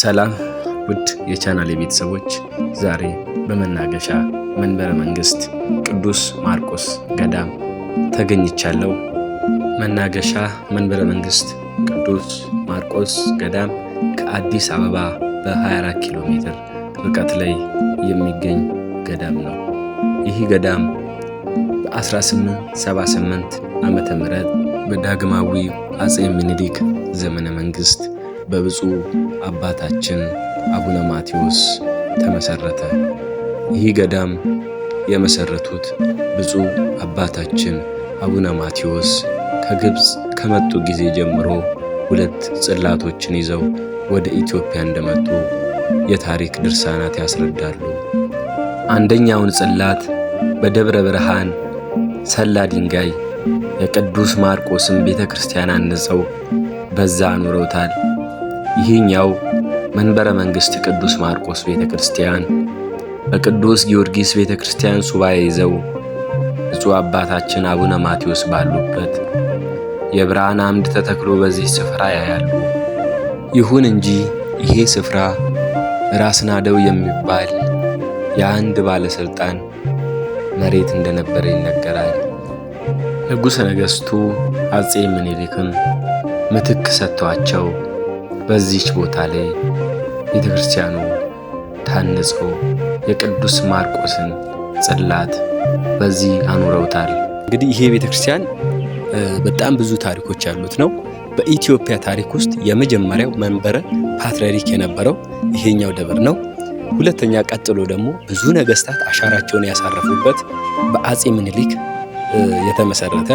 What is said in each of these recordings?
ሰላም ውድ የቻናል የቤተሰቦች ዛሬ በመናገሻ መንበረ መንግስት ቅዱስ ማርቆስ ገዳም ተገኝቻለሁ። መናገሻ መንበረ መንግስት ቅዱስ ማርቆስ ገዳም ከአዲስ አበባ በ24 ኪሎ ሜትር ርቀት ላይ የሚገኝ ገዳም ነው። ይህ ገዳም በ1878 ዓመተ ምህረት በዳግማዊ አጼ ምኒልክ ዘመነ መንግስት በብፁዕ አባታችን አቡነ ማቴዎስ ተመሰረተ ይህ ገዳም የመሰረቱት ብፁዕ አባታችን አቡነ ማቴዎስ ከግብፅ ከመጡ ጊዜ ጀምሮ ሁለት ጽላቶችን ይዘው ወደ ኢትዮጵያ እንደመጡ የታሪክ ድርሳናት ያስረዳሉ። አንደኛውን ጽላት በደብረ ብርሃን ሰላ ድንጋይ የቅዱስ ማርቆስን ቤተ ክርስቲያን አንጸው በዛ አኑረውታል። ይህኛው መንበረ መንግሥት ቅዱስ ማርቆስ ቤተ ክርስቲያን በቅዱስ ጊዮርጊስ ቤተ ክርስቲያን ሱባኤ ይዘው ብፁዕ አባታችን አቡነ ማቴዎስ ባሉበት የብርሃን አምድ ተተክሎ በዚህ ስፍራ ያያሉ። ይሁን እንጂ ይሄ ስፍራ ራስናደው የሚባል የአንድ ባለሥልጣን መሬት እንደነበረ ይነገራል። ንጉሠ ነገሥቱ አፄ ምኒልክም ምትክ ሰጥተዋቸው በዚች ቦታ ላይ ቤተ ክርስቲያኑ ታንጾ የቅዱስ ማርቆስን ጽላት በዚህ አኑረውታል። እንግዲህ ይሄ ቤተ ክርስቲያን በጣም ብዙ ታሪኮች ያሉት ነው። በኢትዮጵያ ታሪክ ውስጥ የመጀመሪያው መንበረ ፓትርያርክ የነበረው ይሄኛው ደብር ነው። ሁለተኛ ቀጥሎ ደግሞ ብዙ ነገስታት አሻራቸውን ያሳረፉበት በአጼ ምኒልክ የተመሰረተ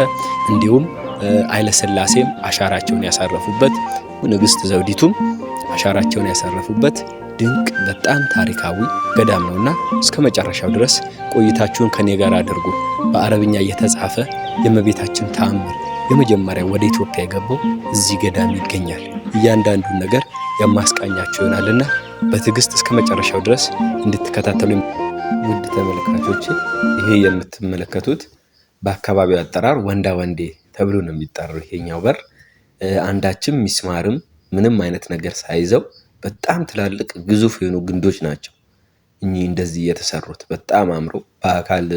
እንዲሁም ኃይለሥላሴም አሻራቸውን ያሳረፉበት፣ ንግሥት ዘውዲቱም አሻራቸውን ያሳረፉበት ድንቅ በጣም ታሪካዊ ገዳም ነውና እስከ መጨረሻው ድረስ ቆይታችሁን ከኔ ጋር አድርጉ። በአረብኛ እየተጻፈ የእመቤታችን ተአምር የመጀመሪያ ወደ ኢትዮጵያ የገባው እዚህ ገዳም ይገኛል። እያንዳንዱን ነገር የማስቃኛችሁ ይሆናልና በትዕግስት እስከ መጨረሻው ድረስ እንድትከታተሉ ውድ ተመልካቾች ይሄ የምትመለከቱት በአካባቢው አጠራር ወንዳ ወንዴ ተብሎ ነው የሚጠራው ይሄኛው በር። አንዳችም ሚስማርም ምንም አይነት ነገር ሳይዘው በጣም ትላልቅ ግዙፍ የሆኑ ግንዶች ናቸው እኚህ እንደዚህ የተሰሩት በጣም አምሮ በአካል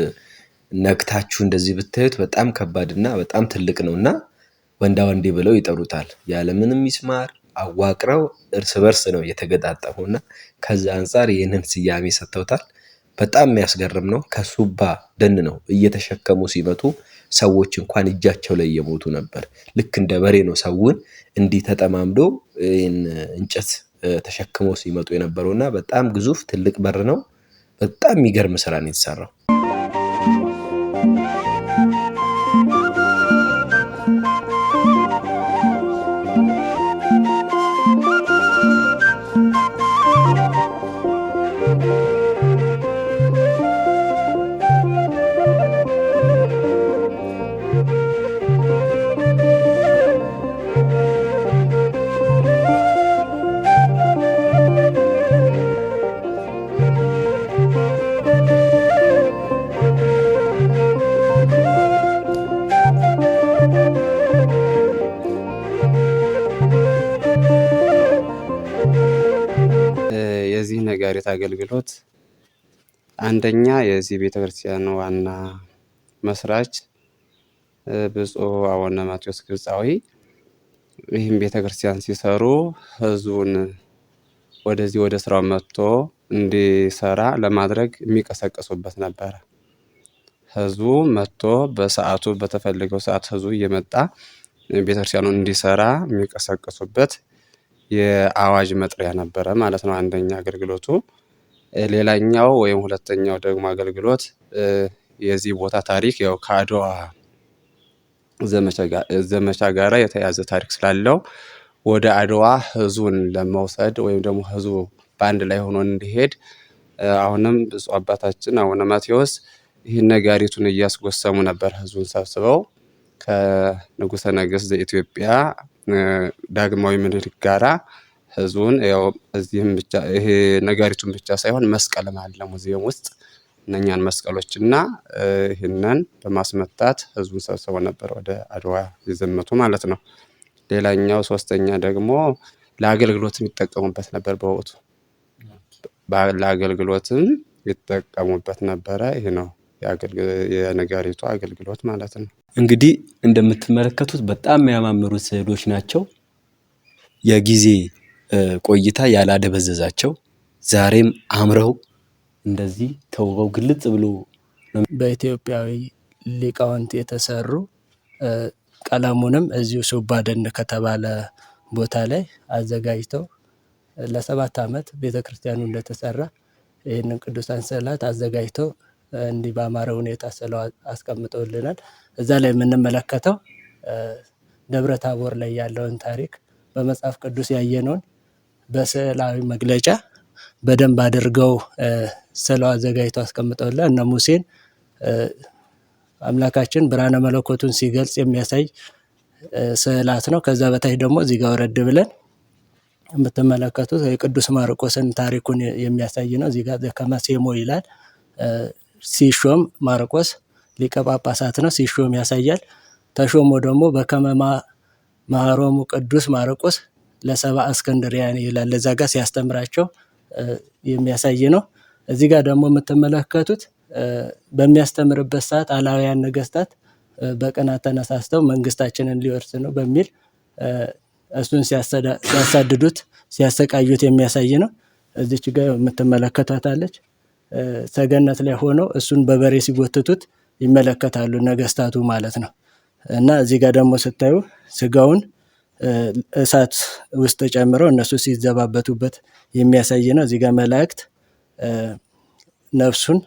ነክታችሁ እንደዚህ ብታዩት በጣም ከባድና በጣም ትልቅ ነው እና ወንዳ ወንዴ ብለው ይጠሩታል። ያለምንም ሚስማር አዋቅረው እርስ በርስ ነው የተገጣጠሙ እና ከዛ አንጻር ይህንን ስያሜ ሰጥተውታል። በጣም የሚያስገርም ነው። ከሱባ ደን ነው እየተሸከሙ ሲመጡ። ሰዎች እንኳን እጃቸው ላይ እየሞቱ ነበር። ልክ እንደ በሬ ነው ሰውን እንዲህ ተጠማምዶ ይህን እንጨት ተሸክመው ሲመጡ የነበረው እና በጣም ግዙፍ ትልቅ በር ነው። በጣም የሚገርም ስራ ነው የተሰራው። አገልግሎት አንደኛ የዚህ ቤተክርስቲያን ዋና መስራች ብፁዕ አቡነ ማቴዎስ ግብፃዊ ይህም ቤተክርስቲያን ሲሰሩ ህዝቡን ወደዚህ ወደ ስራው መጥቶ እንዲሰራ ለማድረግ የሚቀሰቀሱበት ነበረ። ህዝቡ መጥቶ በሰዓቱ በተፈለገው ሰዓት ህዝቡ እየመጣ ቤተክርስቲያኑ እንዲሰራ የሚቀሰቀሱበት የአዋጅ መጥሪያ ነበረ ማለት ነው። አንደኛ አገልግሎቱ ሌላኛው ወይም ሁለተኛው ደግሞ አገልግሎት የዚህ ቦታ ታሪክ ያው ከአድዋ ዘመቻ ጋራ የተያዘ ታሪክ ስላለው ወደ አድዋ ህዝቡን ለመውሰድ ወይም ደግሞ ህዝቡ በአንድ ላይ ሆኖ እንዲሄድ አሁንም ብፁዕ አባታችን አቡነ ማቴዎስ ይህን ነጋሪቱን እያስጎሰሙ ነበር ህዝቡን ሰብስበው ከንጉሰ ነገስት ዘኢትዮጵያ ዳግማዊ ምኒልክ ጋራ ህዝቡን ያው እዚህም ብቻ ይሄ ነጋሪቱን ብቻ ሳይሆን መስቀልም አለ ሙዚየም ውስጥ እነኛን መስቀሎች እና ይህንን በማስመጣት ህዝቡን ሰብስቦ ነበር ወደ አድዋ የዘመቱ ማለት ነው። ሌላኛው ሶስተኛ ደግሞ ለአገልግሎትም ይጠቀሙበት ነበር በወቅቱ ለአገልግሎትም ይጠቀሙበት ነበረ። ይህ ነው የነጋሪቱ አገልግሎት ማለት ነው። እንግዲህ እንደምትመለከቱት በጣም የሚያማምሩ ስዕሎች ናቸው የጊዜ ቆይታ ያላደበዘዛቸው ዛሬም አምረው እንደዚህ ተውበው ግልጽ ብሎ በኢትዮጵያዊ ሊቃውንት የተሰሩ ቀለሙንም እዚሁ ሱባደን ከተባለ ቦታ ላይ አዘጋጅተው ለሰባት ዓመት ቤተ ክርስቲያኑ እንደተሰራ ይህንን ቅዱሳን ስዕላት አዘጋጅተው እንዲህ በአማረ ሁኔታ ስለው አስቀምጠውልናል። እዛ ላይ የምንመለከተው ደብረ ታቦር ላይ ያለውን ታሪክ በመጽሐፍ ቅዱስ ያየነውን በስዕላዊ መግለጫ በደንብ አድርገው ስለው አዘጋጅተው አስቀምጠውላ እነ ሙሴን አምላካችን ብርሃነ መለኮቱን ሲገልጽ የሚያሳይ ስዕላት ነው። ከዛ በታች ደግሞ እዚህ ጋር ወረድ ብለን የምትመለከቱት የቅዱስ ማርቆስን ታሪኩን የሚያሳይ ነው። እዚህ ጋር ዘከመሴሞ ይላል። ሲሾም ማርቆስ ሊቀ ጳጳሳት ነው፣ ሲሾም ያሳያል። ተሾሞ ደግሞ በከመማ መሃሮሙ ቅዱስ ማርቆስ ለሰባ እስክንድሪያ ይላል እዛ ጋር ሲያስተምራቸው የሚያሳይ ነው። እዚህ ጋር ደግሞ የምትመለከቱት በሚያስተምርበት ሰዓት አላውያን ነገስታት በቅናት ተነሳስተው መንግስታችንን ሊወርስ ነው በሚል እሱን ሲያሳድዱት ሲያሰቃዩት የሚያሳይ ነው። እዚች ጋ የምትመለከቷታለች ሰገነት ላይ ሆነው እሱን በበሬ ሲጎትቱት ይመለከታሉ ነገስታቱ ማለት ነው። እና እዚህ ጋር ደግሞ ስታዩ ስጋውን እሳት ውስጥ ጨምረው እነሱ ሲዘባበቱበት የሚያሳይ ነው። እዚህ ጋር መላእክት ነፍሱን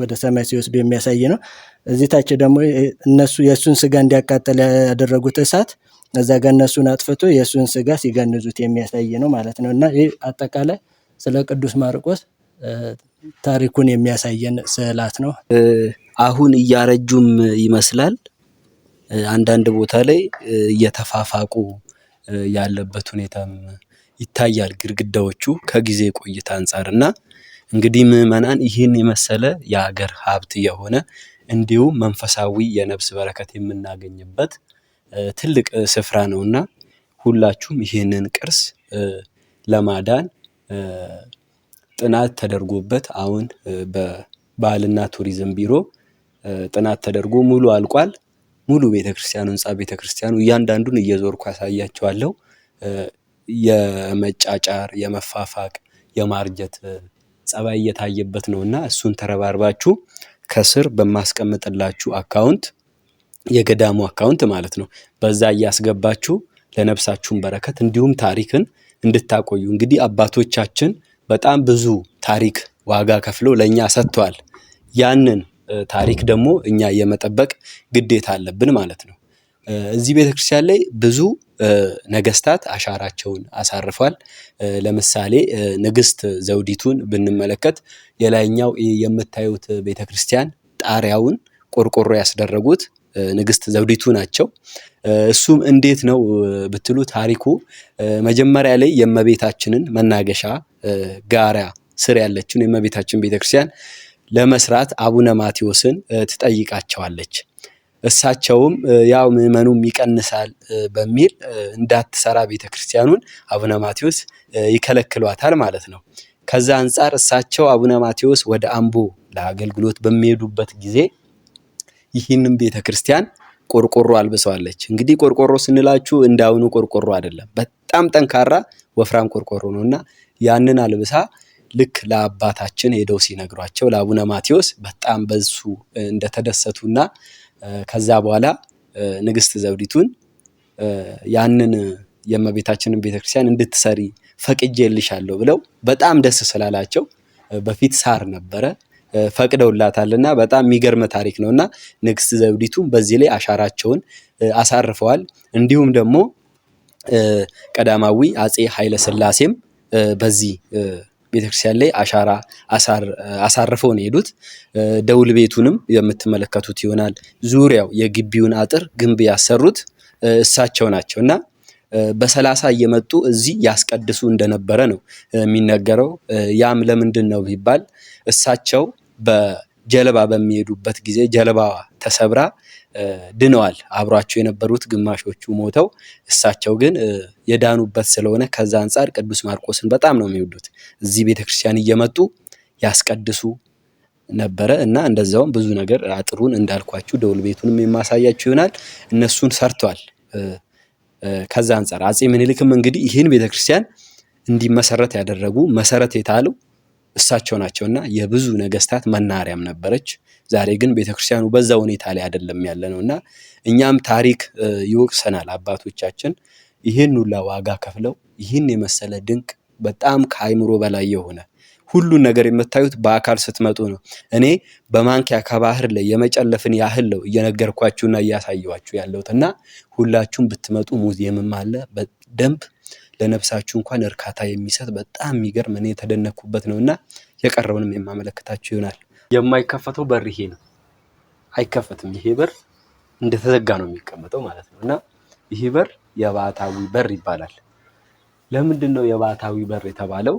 ወደ ሰማይ ሲወስዱ የሚያሳይ ነው። እዚህ ታች ደግሞ እነሱ የእሱን ስጋ እንዲያቃጠል ያደረጉት እሳት እዛ ጋር እነሱን አጥፍቶ የእሱን ስጋ ሲገንዙት የሚያሳይ ነው ማለት ነው። እና ይህ አጠቃላይ ስለ ቅዱስ ማርቆስ ታሪኩን የሚያሳየን ስዕላት ነው። አሁን እያረጁም ይመስላል። አንዳንድ ቦታ ላይ እየተፋፋቁ ያለበት ሁኔታም ይታያል። ግድግዳዎቹ ከጊዜ ቆይታ አንፃር እና እንግዲህ ምዕመናን ይህን የመሰለ የሀገር ሀብት የሆነ እንዲሁም መንፈሳዊ የነፍስ በረከት የምናገኝበት ትልቅ ስፍራ ነው እና ሁላችሁም ይህንን ቅርስ ለማዳን ጥናት ተደርጎበት አሁን በባህልና ቱሪዝም ቢሮ ጥናት ተደርጎ ሙሉ አልቋል። ሙሉ ቤተክርስቲያኑ ህንፃ ቤተክርስቲያኑ እያንዳንዱን እየዞርኩ አሳያቸዋለሁ። የመጫጫር የመፋፋቅ የማርጀት ፀባይ እየታየበት ነው እና እሱን ተረባርባችሁ ከስር በማስቀምጥላችሁ አካውንት የገዳሙ አካውንት ማለት ነው በዛ እያስገባችሁ ለነፍሳችሁን በረከት እንዲሁም ታሪክን እንድታቆዩ እንግዲህ አባቶቻችን በጣም ብዙ ታሪክ ዋጋ ከፍለው ለእኛ ሰጥተዋል። ያንን ታሪክ ደግሞ እኛ የመጠበቅ ግዴታ አለብን ማለት ነው። እዚህ ቤተክርስቲያን ላይ ብዙ ነገስታት አሻራቸውን አሳርፏል። ለምሳሌ ንግስት ዘውዲቱን ብንመለከት የላይኛው የምታዩት ቤተክርስቲያን ጣሪያውን ቆርቆሮ ያስደረጉት ንግስት ዘውዲቱ ናቸው። እሱም እንዴት ነው ብትሉ ታሪኩ መጀመሪያ ላይ የእመቤታችንን መናገሻ ጋራ ስር ያለችውን የእመቤታችን ቤተክርስቲያን ለመስራት አቡነ ማቴዎስን ትጠይቃቸዋለች። እሳቸውም ያው ምዕመኑም ይቀንሳል በሚል እንዳትሰራ ቤተ ክርስቲያኑን አቡነ ማቴዎስ ይከለክሏታል ማለት ነው። ከዛ አንጻር እሳቸው አቡነ ማቴዎስ ወደ አምቦ ለአገልግሎት በሚሄዱበት ጊዜ ይህንም ቤተ ክርስቲያን ቆርቆሮ አልብሰዋለች። እንግዲህ ቆርቆሮ ስንላችሁ እንደ አሁኑ ቆርቆሮ አይደለም፣ በጣም ጠንካራ ወፍራም ቆርቆሮ ነው እና ያንን አልብሳ ልክ ለአባታችን ሄደው ሲነግሯቸው ለአቡነ ማቴዎስ በጣም በሱ እንደተደሰቱና ከዛ በኋላ ንግስት ዘውዲቱን ያንን የእመቤታችንን ቤተክርስቲያን እንድትሰሪ ፈቅጄልሻለሁ ብለው በጣም ደስ ስላላቸው በፊት ሳር ነበረ ፈቅደውላታልና በጣም የሚገርም ታሪክ ነውና ንግስት ዘውዲቱም በዚህ ላይ አሻራቸውን አሳርፈዋል። እንዲሁም ደግሞ ቀዳማዊ አፄ ኃይለ ስላሴም በዚህ ቤተክርስቲያን ላይ አሻራ አሳርፈው ነው የሄዱት። ደውል ቤቱንም የምትመለከቱት ይሆናል። ዙሪያው የግቢውን አጥር ግንብ ያሰሩት እሳቸው ናቸው እና በሰላሳ እየመጡ እዚህ ያስቀድሱ እንደነበረ ነው የሚነገረው። ያም ለምንድን ነው ቢባል እሳቸው በጀልባ በሚሄዱበት ጊዜ ጀልባ ተሰብራ ድነዋል። አብሯቸው የነበሩት ግማሾቹ ሞተው እሳቸው ግን የዳኑበት ስለሆነ ከዛ አንጻር ቅዱስ ማርቆስን በጣም ነው የሚወዱት። እዚህ ቤተክርስቲያን እየመጡ ያስቀድሱ ነበረ እና እንደዛውም ብዙ ነገር አጥሩን እንዳልኳችሁ ደውል ቤቱንም የማሳያችሁ ይሆናል። እነሱን ሰርተዋል። ከዛ አንጻር አፄ ምኒልክም እንግዲህ ይህን ቤተክርስቲያን እንዲመሰረት ያደረጉ መሰረት የታለው እሳቸው ናቸውና የብዙ ነገስታት መናሪያም ነበረች። ዛሬ ግን ቤተክርስቲያኑ በዛ ሁኔታ ላይ አይደለም ያለ ነው እና እኛም ታሪክ ይወቅሰናል። አባቶቻችን ይህን ሁላ ዋጋ ከፍለው ይህን የመሰለ ድንቅ በጣም ከአይምሮ በላይ የሆነ ሁሉን ነገር የምታዩት በአካል ስትመጡ ነው። እኔ በማንኪያ ከባህር ላይ የመጨለፍን ያህል ነው እየነገርኳችሁና እያሳየኋችሁ ያለሁት እና ሁላችሁም ብትመጡ ሙዚየምም አለ በደንብ ለነፍሳችሁ እንኳን እርካታ የሚሰጥ በጣም የሚገርም እኔ የተደነኩበት ነው እና የቀረውንም የማመለከታችሁ ይሆናል። የማይከፈተው በር ይሄ ነው። አይከፈትም። ይሄ በር እንደተዘጋ ነው የሚቀመጠው ማለት ነው እና ይሄ በር የባታዊ በር ይባላል። ለምንድን ነው የባዕታዊ በር የተባለው?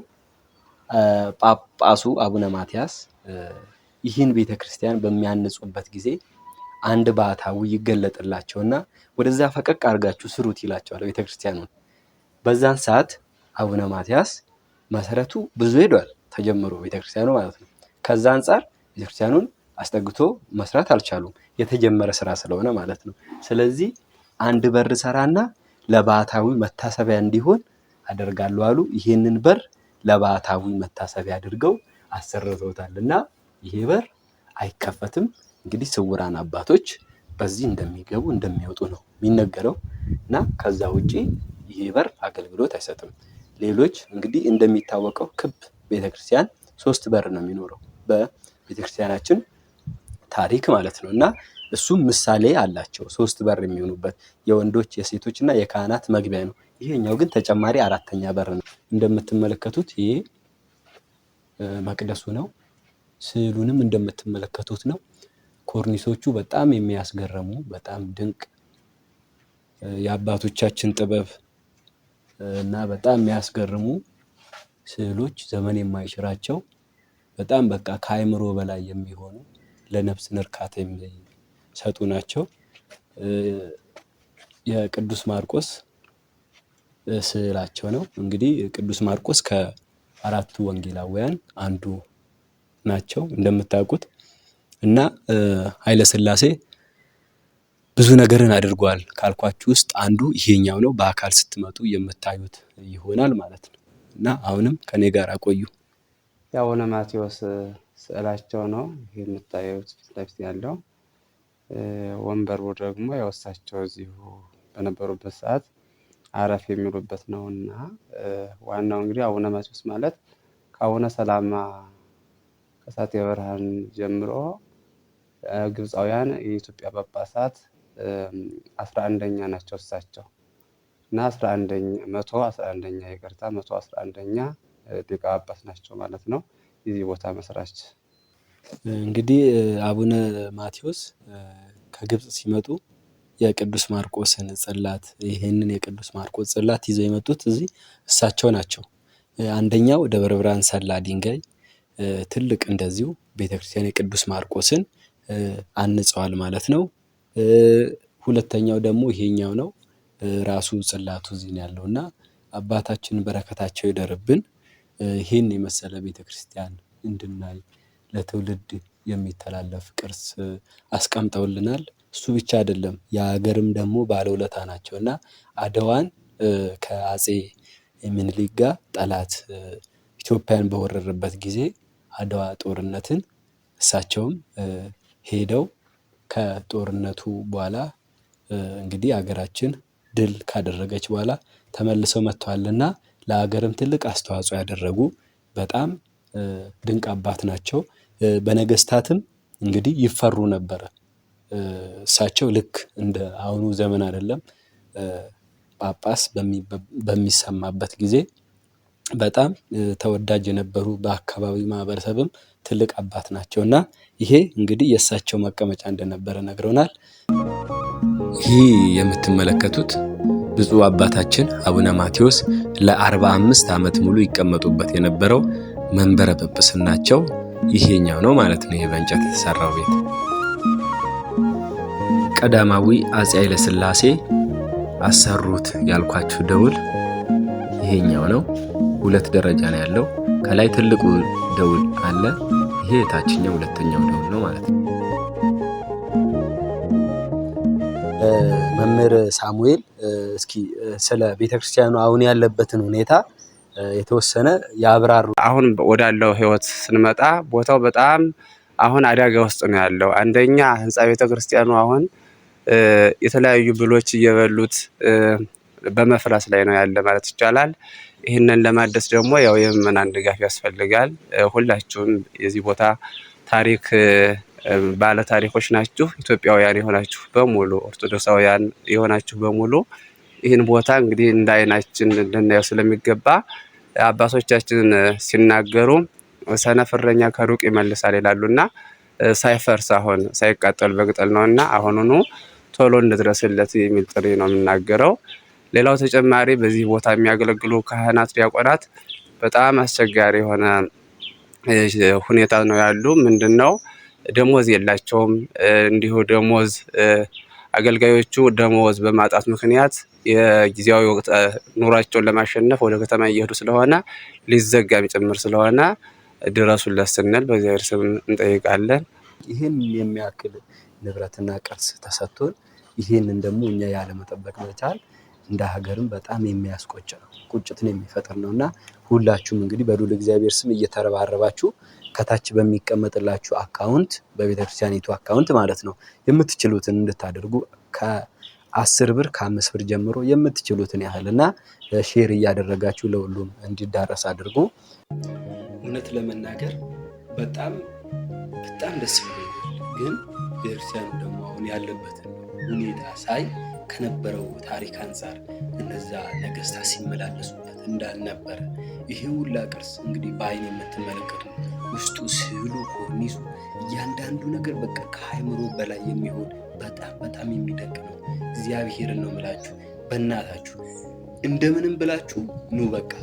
ጳጳሱ አቡነ ማትያስ ይህን ቤተ ክርስቲያን በሚያንጹበት ጊዜ አንድ ባታዊ ይገለጥላቸውና ወደዛ ፈቀቅ አድርጋችሁ ስሩት ይላቸዋል ቤተ ክርስቲያኑን። በዛን ሰዓት አቡነ ማትያስ መሰረቱ ብዙ ሄዷል ተጀምሮ ቤተክርስቲያኑ ማለት ነው። ከዛ አንጻር ቤተክርስቲያኑን አስጠግቶ መስራት አልቻሉም፣ የተጀመረ ስራ ስለሆነ ማለት ነው። ስለዚህ አንድ በር ሰራና ለባህታዊ መታሰቢያ እንዲሆን አደርጋሉ አሉ። ይህንን በር ለባህታዊ መታሰቢያ አድርገው አሰርተውታል እና ይሄ በር አይከፈትም። እንግዲህ ስውራን አባቶች በዚህ እንደሚገቡ እንደሚወጡ ነው የሚነገረው እና ከዛ ውጪ ይህ በር አገልግሎት አይሰጥም። ሌሎች እንግዲህ እንደሚታወቀው ክብ ቤተክርስቲያን ሶስት በር ነው የሚኖረው በቤተክርስቲያናችን ታሪክ ማለት ነው እና እሱም ምሳሌ አላቸው ሶስት በር የሚሆኑበት የወንዶች የሴቶች እና የካህናት መግቢያ ነው። ይሄኛው ግን ተጨማሪ አራተኛ በር ነው። እንደምትመለከቱት ይሄ መቅደሱ ነው። ስዕሉንም እንደምትመለከቱት ነው። ኮርኒሶቹ በጣም የሚያስገርሙ በጣም ድንቅ የአባቶቻችን ጥበብ እና በጣም የሚያስገርሙ ስዕሎች ዘመን የማይሽራቸው በጣም በቃ ከአይምሮ በላይ የሚሆኑ ለነፍስን እርካታ የሚሰጡ ናቸው። የቅዱስ ማርቆስ ስዕላቸው ነው። እንግዲህ ቅዱስ ማርቆስ ከአራቱ ወንጌላውያን አንዱ ናቸው እንደምታውቁት እና ኃይለ ሥላሴ ብዙ ነገርን አድርጓል ካልኳችሁ ውስጥ አንዱ ይሄኛው ነው። በአካል ስትመጡ የምታዩት ይሆናል ማለት ነው እና አሁንም ከኔ ጋር አቆዩ። የአቡነ ማቴዎስ ስዕላቸው ነው ይሄ የምታዩት ፊት ለፊት ያለው ወንበሩ ደግሞ የወሳቸው እዚሁ በነበሩበት ሰዓት አረፍ የሚሉበት ነው እና ዋናው እንግዲህ አቡነ ማቴዎስ ማለት ከአቡነ ሰላማ ከሳቴ ብርሃን ጀምሮ ግብፃውያን የኢትዮጵያ ጳጳሳት አስራ አንደኛ ናቸው እሳቸው እና አስራ አንደኛ መቶ አስራ አንደኛ ይቅርታ መቶ አስራ አንደኛ ሊቀ ጳጳስ ናቸው ማለት ነው። የዚህ ቦታ መስራች እንግዲህ አቡነ ማቴዎስ ከግብፅ ሲመጡ የቅዱስ ማርቆስን ጽላት ይህንን የቅዱስ ማርቆስ ጽላት ይዘው የመጡት እዚህ እሳቸው ናቸው። አንደኛው ደብረ ብርሃን ሰላ ድንጋይ ትልቅ እንደዚሁ ቤተክርስቲያን የቅዱስ ማርቆስን አንጸዋል ማለት ነው። ሁለተኛው ደግሞ ይሄኛው ነው። ራሱ ጽላቱ እዚህ ነው ያለው እና አባታችን በረከታቸው ይደርብን። ይህን የመሰለ ቤተክርስቲያን እንድናይ ለትውልድ የሚተላለፍ ቅርስ አስቀምጠውልናል። እሱ ብቻ አይደለም የሀገርም ደግሞ ባለውለታ ናቸው እና አድዋን ከአጼ ምኒልክ ጋር ጠላት ኢትዮጵያን በወረረበት ጊዜ አድዋ ጦርነትን እሳቸውም ሄደው ከጦርነቱ በኋላ እንግዲህ ሀገራችን ድል ካደረገች በኋላ ተመልሰው መጥተዋልና ለሀገርም ትልቅ አስተዋጽኦ ያደረጉ በጣም ድንቅ አባት ናቸው። በነገስታትም እንግዲህ ይፈሩ ነበረ። እሳቸው ልክ እንደ አሁኑ ዘመን አይደለም። ጳጳስ በሚሰማበት ጊዜ በጣም ተወዳጅ የነበሩ በአካባቢ ማህበረሰብም ትልቅ አባት ናቸው እና ይሄ እንግዲህ የእሳቸው መቀመጫ እንደነበረ ነግረውናል። ይህ የምትመለከቱት ብፁዕ አባታችን አቡነ ማቴዎስ ለ45 ዓመት ሙሉ ይቀመጡበት የነበረው መንበረ ጵጵስናቸው ይሄኛው ነው ማለት ነው። ይህ በእንጨት የተሰራው ቤት ቀዳማዊ አፄ ኃይለ ሥላሴ አሰሩት ያልኳችሁ ደውል ይሄኛው ነው። ሁለት ደረጃ ነው ያለው። ከላይ ትልቁ ደውል አለ። ይሄ የታችኛው ሁለተኛው ደውል ነው ማለት ነው። መምህር ሳሙኤል እስኪ ስለ ቤተክርስቲያኑ አሁን ያለበትን ሁኔታ የተወሰነ ያብራሩ። አሁን ወዳለው ህይወት ስንመጣ ቦታው በጣም አሁን አደጋ ውስጥ ነው ያለው። አንደኛ ህንፃ ቤተክርስቲያኑ አሁን የተለያዩ ብሎች እየበሉት በመፍራስ ላይ ነው ያለ ማለት ይቻላል። ይህንን ለማደስ ደግሞ ያው የምዕመናን ድጋፍ ያስፈልጋል። ሁላችሁም የዚህ ቦታ ታሪክ ባለ ታሪኮች ናችሁ። ኢትዮጵያውያን የሆናችሁ በሙሉ ኦርቶዶክሳውያን የሆናችሁ በሙሉ ይህን ቦታ እንግዲህ እንደ አይናችን ልናየው ስለሚገባ አባቶቻችን ሲናገሩ ሰነፍረኛ ከሩቅ ይመልሳል ይላሉና ሳይፈርስ አሁን ሳይቃጠል በቅጠል ነውና አሁኑኑ ቶሎ እንድረስለት የሚል ጥሪ ነው የምናገረው። ሌላው ተጨማሪ በዚህ ቦታ የሚያገለግሉ ካህናት፣ ዲያቆናት በጣም አስቸጋሪ የሆነ ሁኔታ ነው ያሉ። ምንድን ነው ደሞዝ የላቸውም። እንዲሁ ደሞዝ አገልጋዮቹ ደሞዝ በማጣት ምክንያት የጊዜያዊ ወቅት ኑሯቸውን ለማሸነፍ ወደ ከተማ እየሄዱ ስለሆነ ሊዘጋም ጭምር ስለሆነ ድረሱለት ስንል በእግዚአብሔር ስም እንጠይቃለን። ይህን የሚያክል ንብረትና ቅርስ ተሰጥቶን ይህንን ደግሞ እኛ ያለመጠበቅ መቻል እንደ ሀገርም በጣም የሚያስቆጭ ነው፣ ቁጭትን የሚፈጥር ነው እና ሁላችሁም እንግዲህ በዱ እግዚአብሔር ስም እየተረባረባችሁ ከታች በሚቀመጥላችሁ አካውንት በቤተክርስቲያኒቱ አካውንት ማለት ነው የምትችሉትን እንድታደርጉ ከአስር ብር ከአምስት ብር ጀምሮ የምትችሉትን ያህል እና ሼር እያደረጋችሁ ለሁሉም እንዲዳረስ አድርጉ። እውነት ለመናገር በጣም በጣም ደስ ብሎኛል። ግን ቤተክርስቲያኑ ደግሞ አሁን ያለበትን ሁኔታ ሳይ ከነበረው ታሪክ አንጻር እነዛ ነገስታት ሲመላለሱበት እንዳልነበረ ይሄ ሁላ ቅርስ እንግዲህ በአይን የምትመለከቱ ውስጡ ስዕሉ፣ ኮርኒሱ፣ እያንዳንዱ ነገር በቃ ከአእምሮ በላይ የሚሆን በጣም በጣም የሚደንቅ ነው። እግዚአብሔርን ነው ምላችሁ በእናታችሁ እንደምንም ብላችሁ ኑ። በቃ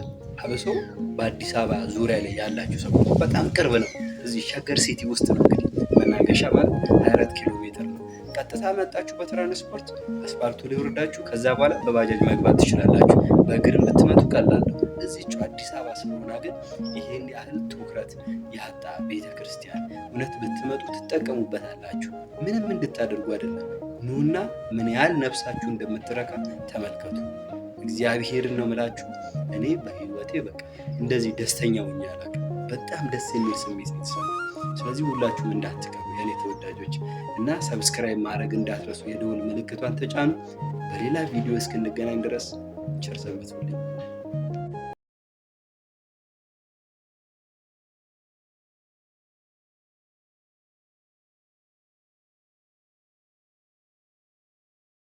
አብሶ በአዲስ አበባ ዙሪያ ላይ ያላችሁ ሰዎች በጣም ቅርብ ነው። እዚህ ሸገር ሲቲ ውስጥ ነው እንግዲህ መናገሻ ማለት 24 ኪሎ ሜትር ቀጥታ መጣችሁ በትራንስፖርት አስፋልቱ ላይ ወርዳችሁ ከዛ በኋላ በባጃጅ መግባት ትችላላችሁ። በእግር የምትመጡ ቀላል እዚች አዲስ አበባ ስለሆነ ግን ይህን ያህል ትኩረት ያጣ ቤተ ክርስቲያን እውነት ብትመጡ ትጠቀሙበታላችሁ። ምንም እንድታደርጉ አይደለም። ኑና ምን ያህል ነፍሳችሁ እንደምትረካ ተመልከቱ። እግዚአብሔርን ነው ምላችሁ። እኔ በህይወቴ በቃ እንደዚህ ደስተኛ ሆኜ አላውቅም። በጣም ደስ የሚል ስሜት ነው የተሰማኝ። ስለዚህ ሁላችሁም እንዳትቀሩ የኔ እና ሰብስክራይብ ማድረግ እንዳትረሱ። የደወል ምልክቷን ተጫኑ። በሌላ ቪዲዮ እስክንገናኝ ድረስ ቸር ሰንብቱልኝ።